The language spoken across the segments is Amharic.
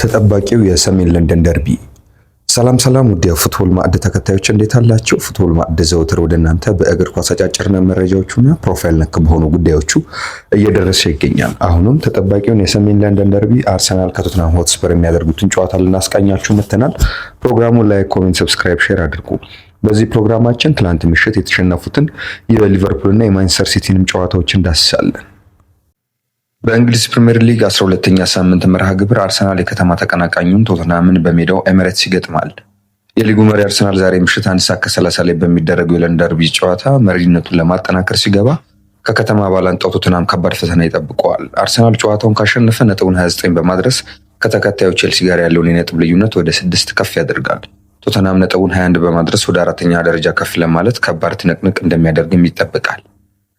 ተጠባቂው የሰሜን ለንደን ደርቢ። ሰላም ሰላም፣ ውድ የፉትቦል ማዕድ ተከታዮች እንዴት አላችሁ? ፉትቦል ማዕድ ዘውትር ወደ እናንተ በእግር ኳስ አጫጭርና መረጃዎቹና ፕሮፋይል ነክ በሆኑ ጉዳዮቹ እየደረሰ ይገኛል። አሁንም ተጠባቂውን የሰሜን ለንደን ደርቢ አርሰናል ከቶትናም ሆትስፐር የሚያደርጉትን ጨዋታ ልናስቃኛችሁ መተናል። ፕሮግራሙን ላይ ኮሜንት፣ ሰብስክራይብ፣ ሼር አድርጉ። በዚህ ፕሮግራማችን ትላንት ምሽት የተሸነፉትን የሊቨርፑልና የማንቸስተር ሲቲንም ጨዋታዎች እንዳስሳለን። በእንግሊዝ ፕሪምየር ሊግ 12ኛ ሳምንት መርሃ ግብር አርሰናል የከተማ ተቀናቃኙን ቶትናምን በሜዳው ኤሚሬትስ ይገጥማል። የሊጉ መሪ አርሰናል ዛሬ ምሽት አንድ ሰዓት ከሰላሳ ላይ በሚደረገው የለንደርቢ ጨዋታ መሪነቱን ለማጠናከር ሲገባ ከከተማ ባላንጣው ቶትናም ከባድ ፈተና ይጠብቀዋል። አርሰናል ጨዋታውን ካሸነፈ ነጥቡን 29 በማድረስ ከተከታዩ ቼልሲ ጋር ያለውን የነጥብ ልዩነት ወደ ስድስት ከፍ ያደርጋል። ቶተናም ነጥቡን 21 በማድረስ ወደ አራተኛ ደረጃ ከፍ ለማለት ከባድ ትንቅንቅ እንደሚያደርግም ይጠበቃል።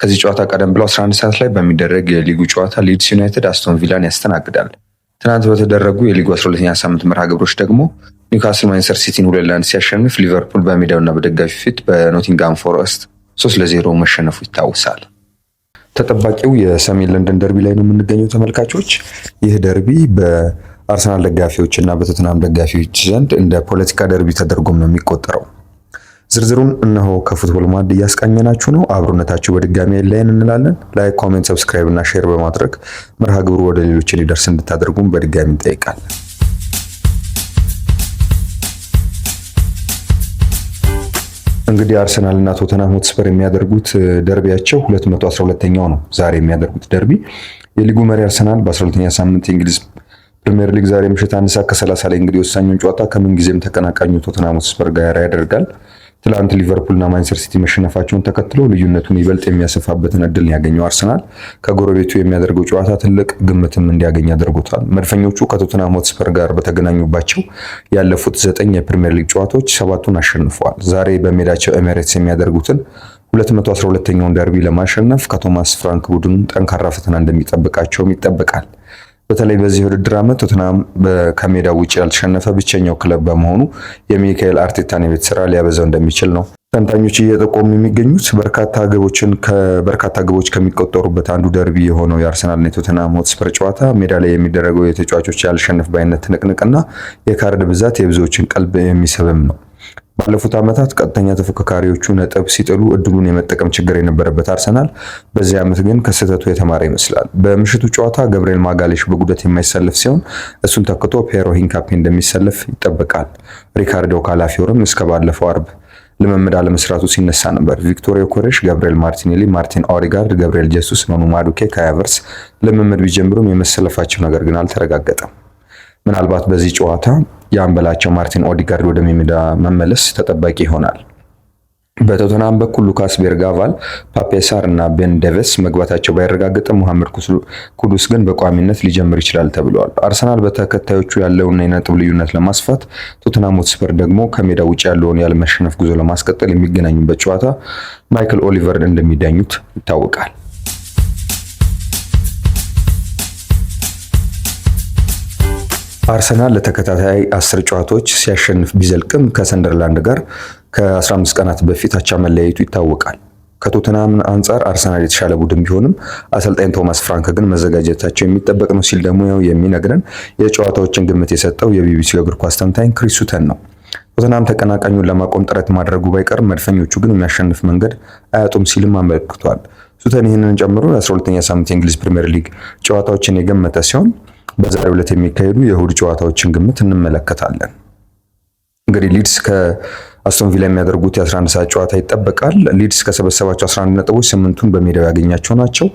ከዚህ ጨዋታ ቀደም ብሎ 11 ሰዓት ላይ በሚደረግ የሊጉ ጨዋታ ሊድስ ዩናይትድ አስቶን ቪላን ያስተናግዳል። ትናንት በተደረጉ የሊጉ 12ኛ ሳምንት መርሃ ግብሮች ደግሞ ኒውካስል ማንቸስተር ሲቲን ሁለት ለአንድ ሲያሸንፍ፣ ሊቨርፑል በሜዳውና በደጋፊ ፊት በኖቲንጋም ፎረስት ሶስት ለዜሮ መሸነፉ ይታወሳል። ተጠባቂው የሰሜን ለንደን ደርቢ ላይ ነው የምንገኘው ተመልካቾች። ይህ ደርቢ በአርሰናል ደጋፊዎች እና በቶትናም ደጋፊዎች ዘንድ እንደ ፖለቲካ ደርቢ ተደርጎም ነው የሚቆጠረው። ዝርዝሩን እነሆ ከፉትቦል ማድ እያስቃኘናችሁ ነው። አብሮነታችሁ በድጋሚ ላይን እንላለን። ላይክ፣ ኮሜንት፣ ሰብስክራይብ እና ሼር በማድረግ መርሃ ግብሩ ወደ ሌሎች እንዲደርስ እንድታደርጉን በድጋሚ እንጠይቃለን። እንግዲህ አርሰናል እና ቶተናም ሆትስፐር የሚያደርጉት ደርቢያቸው 212ኛው ነው። ዛሬ የሚያደርጉት ደርቢ የሊጉ መሪ አርሰናል በ12ኛ ሳምንት የእንግሊዝ ፕሪምየር ሊግ ዛሬ ምሽት አንድ ሰዓት ከ30 ላይ እንግዲህ ወሳኙን ጨዋታ ከምንጊዜም ተቀናቃኙ ቶተንሃም ሆትስፐር ጋር ያደርጋል። ትላንት ሊቨርፑልና ማንቸስተር ሲቲ መሸነፋቸውን ተከትሎ ልዩነቱን ይበልጥ የሚያሰፋበትን እድል ያገኘው አርሰናል ከጎረቤቱ የሚያደርገው ጨዋታ ትልቅ ግምትም እንዲያገኝ አድርጎታል። መድፈኞቹ ከቶትናም ሆትስፐር ጋር በተገናኙባቸው ያለፉት ዘጠኝ የፕሪምየር ሊግ ጨዋታዎች ሰባቱን አሸንፈዋል። ዛሬ በሜዳቸው ኤሜሬትስ የሚያደርጉትን 212ኛውን ደርቢ ለማሸነፍ ከቶማስ ፍራንክ ቡድን ጠንካራ ፈተና እንደሚጠብቃቸውም ይጠበቃል። በተለይ በዚህ ውድድር ዓመት ቶትናም ከሜዳ ውጭ ያልተሸነፈ ብቸኛው ክለብ በመሆኑ የሚካኤል አርቴታን የቤት ስራ ሊያበዛው እንደሚችል ነው ተንታኞች እየጠቆሙ የሚገኙት። በርካታ ግቦችን ከበርካታ ግቦች ከሚቆጠሩበት አንዱ ደርቢ የሆነው የአርሰናልና የቶትናም ሆትስፐር ጨዋታ ሜዳ ላይ የሚደረገው የተጫዋቾች ያልሸነፍ ባይነት ትንቅንቅና የካርድ ብዛት የብዙዎችን ቀልብ የሚስብም ነው። ባለፉት ዓመታት ቀጥተኛ ተፎካካሪዎቹ ነጥብ ሲጥሉ እድሉን የመጠቀም ችግር የነበረበት አርሰናል በዚህ ዓመት ግን ከስህተቱ የተማረ ይመስላል። በምሽቱ ጨዋታ ገብርኤል ማጋሌሽ በጉዳት የማይሰለፍ ሲሆን እሱን ተክቶ ፔሮ ሂንካፔ እንደሚሰለፍ ይጠበቃል። ሪካርዶ ካላፊዮርም እስከ ባለፈው አርብ ልምምድ አለመስራቱ ሲነሳ ነበር። ቪክቶሪዮ ኮሬሽ፣ ገብርኤል ማርቲኔሊ፣ ማርቲን ኦሪጋርድ፣ ገብርኤል ጀሱስ፣ መኑ ማዱኬ፣ ካያቨርስ ልምምድ ቢጀምሩም የመሰለፋቸው ነገር ግን አልተረጋገጠም። ምናልባት በዚህ ጨዋታ የአምበላቸው ማርቲን ኦዲጋርድ ወደ ሜዳ መመለስ ተጠባቂ ይሆናል። በቶተናም በኩል ሉካስ ቤርጋቫል፣ ፓፔሳር እና ቤን ደቨስ መግባታቸው ባይረጋገጥም መሐመድ ኩዱስ ግን በቋሚነት ሊጀምር ይችላል ተብለዋል። አርሰናል በተከታዮቹ ያለውን የነጥብ ልዩነት ለማስፋት፣ ቶተናም ሆትስፐር ደግሞ ከሜዳ ውጭ ያለውን ያለመሸነፍ ጉዞ ለማስቀጠል የሚገናኙበት ጨዋታ ማይክል ኦሊቨር እንደሚዳኙት ይታወቃል። አርሰናል ለተከታታይ አስር ጨዋታዎች ሲያሸንፍ ቢዘልቅም ከሰንደርላንድ ጋር ከ15 ቀናት በፊት አቻ መለያየቱ ይታወቃል። ከቶተናም አንጻር አርሰናል የተሻለ ቡድን ቢሆንም አሰልጣኝ ቶማስ ፍራንክ ግን መዘጋጀታቸው የሚጠበቅ ነው ሲል ደግሞ ያው የሚነግረን የጨዋታዎችን ግምት የሰጠው የቢቢሲ እግር ኳስ ተንታኝ ክሪስ ሱተን ነው። ቶተናም ተቀናቃኙን ለማቆም ጥረት ማድረጉ ባይቀር መድፈኞቹ ግን የሚያሸንፍ መንገድ አያጡም ሲልም አመልክቷል። ሱተን ይህንን ጨምሮ የ12ኛ ሳምንት የእንግሊዝ ፕሪምየር ሊግ ጨዋታዎችን የገመተ ሲሆን በዛሬው ዕለት የሚካሄዱ የእሁድ ጨዋታዎችን ግምት እንመለከታለን። እንግዲህ ሊድስ ከአስቶን ቪላ የሚያደርጉት የ11 ሰዓት ጨዋታ ይጠበቃል። ሊድስ ከሰበሰባቸው 11 ነጥቦች ስምንቱን በሜዳው ያገኛቸው ናቸው።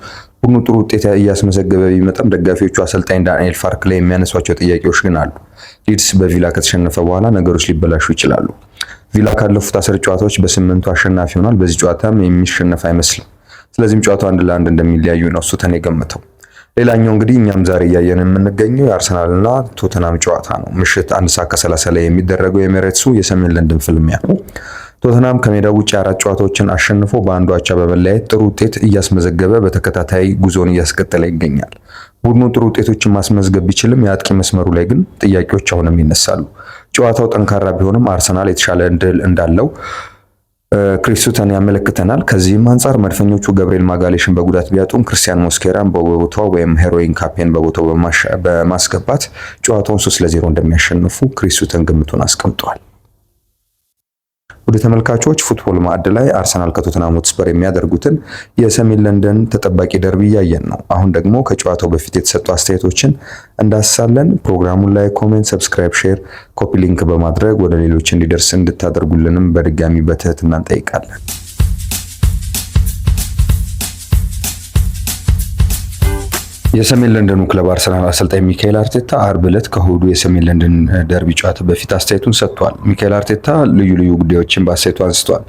ቡድኑ ጥሩ ውጤት እያስመዘገበ ቢመጣም ደጋፊዎቹ አሰልጣኝ ዳንኤል ፋርክ ላይ የሚያነሷቸው ጥያቄዎች ግን አሉ። ሊድስ በቪላ ከተሸነፈ በኋላ ነገሮች ሊበላሹ ይችላሉ። ቪላ ካለፉት አስር ጨዋታዎች በስምንቱ አሸናፊ ሆኗል። በዚህ ጨዋታም የሚሸነፍ አይመስልም። ስለዚህም ጨዋታው አንድ ለአንድ እንደሚለያዩ ነው እሱ ተን የገምተው ሌላኛው እንግዲህ እኛም ዛሬ እያየን የምንገኘው የአርሰናልና ቶተናም ጨዋታ ነው። ምሽት አንድ ሰዓት ከሰላሳ ላይ የሚደረገው የኤሜሬትሱ የሰሜን ለንደን ፍልሚያ ቶተናም ከሜዳ ውጭ አራት ጨዋታዎችን አሸንፎ በአንዱ አቻ በመለያየት ጥሩ ውጤት እያስመዘገበ በተከታታይ ጉዞን እያስቀጠለ ይገኛል። ቡድኑ ጥሩ ውጤቶችን ማስመዝገብ ቢችልም የአጥቂ መስመሩ ላይ ግን ጥያቄዎች አሁንም ይነሳሉ። ጨዋታው ጠንካራ ቢሆንም አርሰናል የተሻለ ድል እንዳለው ክሪስቱተን ያመለክተናል። ከዚህም አንጻር መድፈኞቹ ገብርኤል ማጋሌሽን በጉዳት ቢያጡም ክርስቲያን ሞስኬራን በቦታው ወይም ሄሮይን ካፔን በቦታው በማስገባት ጨዋታውን ሶስት ለዜሮ እንደሚያሸንፉ ክሪስቱተን ግምቱን አስቀምጠዋል ወደ ተመልካቾች ፉትቦል ማዕድ ላይ አርሰናል ከቶተናም ሆትስፐር የሚያደርጉትን የሰሜን ለንደን ተጠባቂ ደርቢ እያየን ነው። አሁን ደግሞ ከጨዋታው በፊት የተሰጡ አስተያየቶችን እንዳስሳለን። ፕሮግራሙን ላይ ኮሜንት፣ ሰብስክራይብ፣ ሼር፣ ኮፒ ሊንክ በማድረግ ወደ ሌሎች እንዲደርስ እንድታደርጉልንም በድጋሚ በትህትና እንጠይቃለን። የሰሜን ለንደኑ ክለብ አርሰናል አሰልጣኝ ሚካኤል አርቴታ አርብ ዕለት ከእሁዱ የሰሜን ለንደን ደርቢ ጨዋታ በፊት አስተያየቱን ሰጥቷል። ሚካኤል አርቴታ ልዩ ልዩ ጉዳዮችን በአስተያየቱ አንስቷል።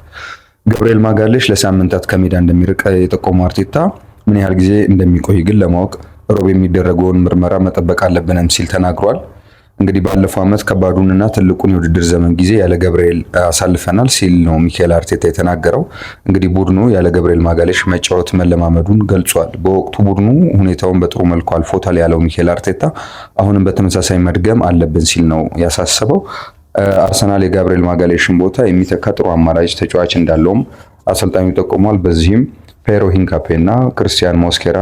ገብርኤል ማጋሌሽ ለሳምንታት ከሜዳ እንደሚርቅ የጠቆሙ አርቴታ ምን ያህል ጊዜ እንደሚቆይ ግን ለማወቅ ሮብ የሚደረገውን ምርመራ መጠበቅ አለብንም ሲል ተናግሯል። እንግዲህ ባለፈው ዓመት ከባዱንና ትልቁን የውድድር ዘመን ጊዜ ያለ ገብርኤል አሳልፈናል ሲል ነው ሚካኤል አርቴታ የተናገረው። እንግዲህ ቡድኑ ያለ ገብርኤል ማጋሌሽ መጫወት መለማመዱን ገልጿል። በወቅቱ ቡድኑ ሁኔታውን በጥሩ መልኩ አልፎታል ያለው ሚካኤል አርቴታ አሁንም በተመሳሳይ መድገም አለብን ሲል ነው ያሳሰበው። አርሰናል የጋብርኤል ማጋሌሽን ቦታ የሚተካ ጥሩ አማራጭ ተጫዋች እንዳለውም አሰልጣኙ ጠቁሟል። በዚህም ፔሮ ሂንካፔ እና ክርስቲያን ሞስኬራ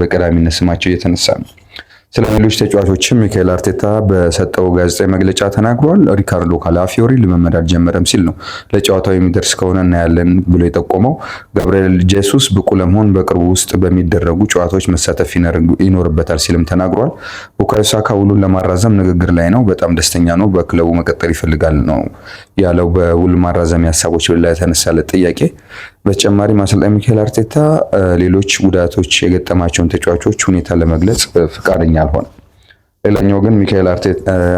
በቀዳሚነት ስማቸው እየተነሳ ነው። ስለ ሌሎች ተጫዋቾችም ሚካኤል አርቴታ በሰጠው ጋዜጣዊ መግለጫ ተናግሯል። ሪካርዶ ካላፊዮሪ ልምምድ አልጀመረም ሲል ነው ለጨዋታው የሚደርስ ከሆነ እናያለን ብሎ የጠቆመው። ጋብርኤል ጄሱስ ብቁ ለመሆን በቅርቡ ውስጥ በሚደረጉ ጨዋታዎች መሳተፍ ይኖርበታል ሲልም ተናግሯል። ቡካዮ ሳካ ውሉን ለማራዘም ንግግር ላይ ነው። በጣም ደስተኛ ነው። በክለቡ መቀጠል ይፈልጋል ነው ያለው። በውል ማራዘሚያ ሀሳቦች ላይ የተነሳለት ጥያቄ በተጨማሪ አሰልጣኝ ሚካኤል አርቴታ ሌሎች ጉዳቶች የገጠማቸውን ተጫዋቾች ሁኔታ ለመግለጽ ፍቃደኛ አልሆነ ሌላኛው ግን ሚካኤል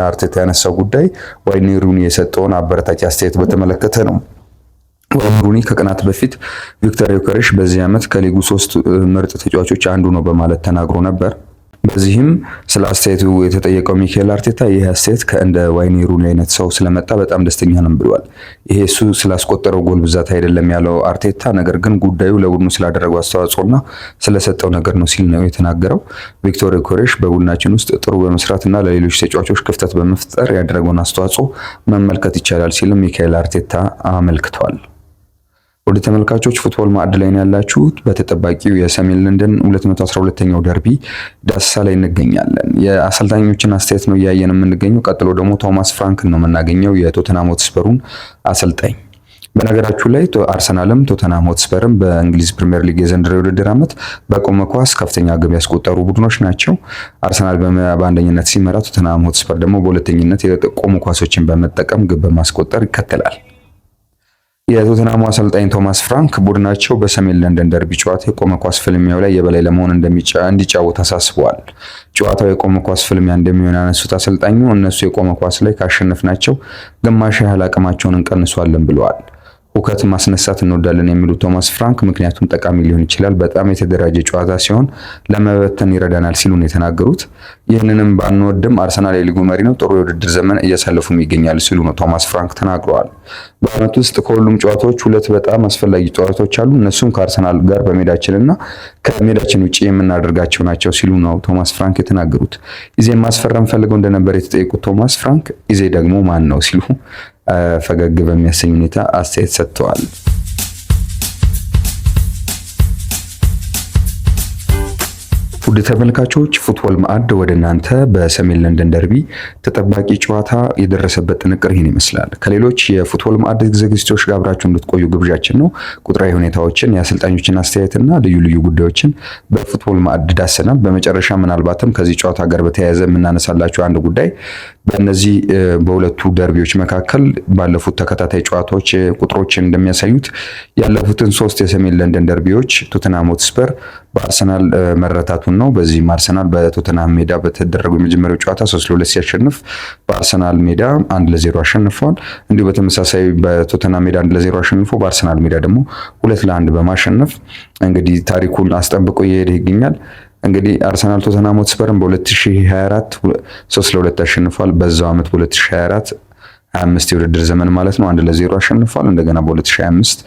አርቴታ ያነሳው ጉዳይ ዋይኒ ሩኒ የሰጠውን አበረታች አስተያየት በተመለከተ ነው። ዋይኒ ሩኒ ከቀናት በፊት ቪክተር ዮከሬሽ በዚህ ዓመት ከሊጉ ሶስት ምርጥ ተጫዋቾች አንዱ ነው በማለት ተናግሮ ነበር። በዚህም ስለ አስተያየቱ የተጠየቀው ሚካኤል አርቴታ ይህ አስተያየት ከእንደ ዋይኔ ሩኒ አይነት ሰው ስለመጣ በጣም ደስተኛ ነን ብሏል። ይሄ እሱ ስላስቆጠረው ጎል ብዛት አይደለም ያለው አርቴታ፣ ነገር ግን ጉዳዩ ለቡድኑ ስላደረገው አስተዋጽኦና ስለሰጠው ነገር ነው ሲል ነው የተናገረው። ቪክቶር ኮሬሽ በቡድናችን ውስጥ ጥሩ በመስራትና ለሌሎች ተጫዋቾች ክፍተት በመፍጠር ያደረገውን አስተዋጽኦ መመልከት ይቻላል ሲልም ሚካኤል አርቴታ አመልክተዋል። ወደ ተመልካቾች ፉትቦል ማዕድ ላይ ነው ያላችሁት። በተጠባቂው የሰሜን ለንደን 212ኛው ደርቢ ዳሰሳ ላይ እንገኛለን። የአሰልጣኞችን አስተያየት ነው እያየን የምንገኘው። ቀጥሎ ደግሞ ቶማስ ፍራንክን ነው የምናገኘው የቶተናም ሆትስፐሩን አሰልጣኝ። በነገራችሁ ላይ አርሰናልም ቶተናም ሆትስፐርም በእንግሊዝ ፕሪምየር ሊግ የዘንድሮ የውድድር ዓመት በቆመ ኳስ ከፍተኛ ግብ ያስቆጠሩ ቡድኖች ናቸው። አርሰናል በአንደኝነት ሲመራ፣ ቶተናም ሆትስፐር ደግሞ በሁለተኝነት የቆሙ ኳሶችን በመጠቀም ግብ በማስቆጠር ይከተላል። የቶተናሙ አሰልጣኝ ቶማስ ፍራንክ ቡድናቸው በሰሜን ለንደን ደርቢ ጨዋታ የቆመ ኳስ ፍልሚያው ላይ የበላይ ለመሆን እንዲጫወት አሳስበዋል። ጨዋታው የቆመ ኳስ ፍልሚያ እንደሚሆን ያነሱት አሰልጣኙ እነሱ የቆመ ኳስ ላይ ካሸነፍናቸው ግማሽ ያህል አቅማቸውን እንቀንሷለን ብለዋል። ሁከት ማስነሳት እንወዳለን የሚሉት ቶማስ ፍራንክ ምክንያቱም ጠቃሚ ሊሆን ይችላል፣ በጣም የተደራጀ ጨዋታ ሲሆን ለመበተን ይረዳናል ሲሉ ነው የተናገሩት። ይህንንም ባንወድም አርሰናል የሊጉ መሪ ነው፣ ጥሩ የውድድር ዘመን እያሳለፉም ይገኛሉ ሲሉ ነው ቶማስ ፍራንክ ተናግረዋል። በአመት ውስጥ ከሁሉም ጨዋታዎች ሁለት በጣም አስፈላጊ ጨዋታዎች አሉ። እነሱም ከአርሰናል ጋር በሜዳችንና ከሜዳችን ውጭ የምናደርጋቸው ናቸው ሲሉ ነው ቶማስ ፍራንክ የተናገሩት። ኢዜን ማስፈረም ፈልገው እንደነበር የተጠየቁት ቶማስ ፍራንክ ኢዜ ደግሞ ማን ነው ሲሉ ፈገግ በሚያሰኝ ሁኔታ አስተያየት ሰጥተዋል። ውድ ተመልካቾች ፉትቦል ማዕድ ወደ እናንተ በሰሜን ለንደን ደርቢ ተጠባቂ ጨዋታ የደረሰበት ጥንቅር ይህን ይመስላል። ከሌሎች የፉትቦል ማዕድ ዝግጅቶች ጋር አብራችሁ እንድትቆዩ ግብዣችን ነው። ቁጥራዊ ሁኔታዎችን፣ የአሰልጣኞችን አስተያየትና ልዩ ልዩ ጉዳዮችን በፉትቦል ማዕድ ዳሰናል። በመጨረሻ ምናልባትም ከዚህ ጨዋታ ጋር በተያያዘ የምናነሳላችሁ አንድ ጉዳይ በእነዚህ በሁለቱ ደርቢዎች መካከል ባለፉት ተከታታይ ጨዋታዎች ቁጥሮችን እንደሚያሳዩት ያለፉትን ሶስት የሰሜን ለንደን ደርቢዎች ቶተንሃም ሆትስፐር በአርሰናል መረታቱን ነው። በዚህም አርሰናል በቶተንሃም ሜዳ በተደረገው የመጀመሪያው ጨዋታ ሶስት ለሁለት ሲያሸንፍ በአርሰናል ሜዳ አንድ ለዜሮ አሸንፏል። እንዲሁ በተመሳሳይ በቶተንሃም ሜዳ አንድ ለዜሮ አሸንፎ በአርሰናል ሜዳ ደግሞ ሁለት ለአንድ በማሸነፍ እንግዲህ ታሪኩን አስጠብቆ እየሄደ ይገኛል። እንግዲህ አርሰናል ቶተና ሆትስፐርን በ2024 3 ለ2 አሸንፏል። በዛው ዓመት በ2024 25 የውድድር ዘመን ማለት ነው አንድ ለዜሮ አሸንፏል። እንደገና በ2025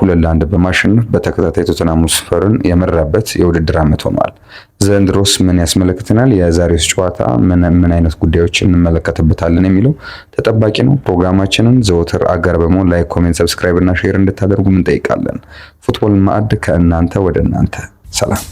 ሁለት ለአንድ በማሸነፍ በተከታታይ ቶተና ሆትስፐርን የመራበት የውድድር ዓመት ሆኗል። ዘንድሮስ ምን ያስመለክተናል? የዛሬውስ ጨዋታ ምን አይነት ጉዳዮች እንመለከትበታለን የሚለው ተጠባቂ ነው። ፕሮግራማችንን ዘወትር አጋር በመሆን ላይክ፣ ኮሜንት፣ ሰብስክራይብ እና ሼር እንድታደርጉ እንጠይቃለን። ፉትቦል ማዕድ ከእናንተ ወደ እናንተ። ሰላም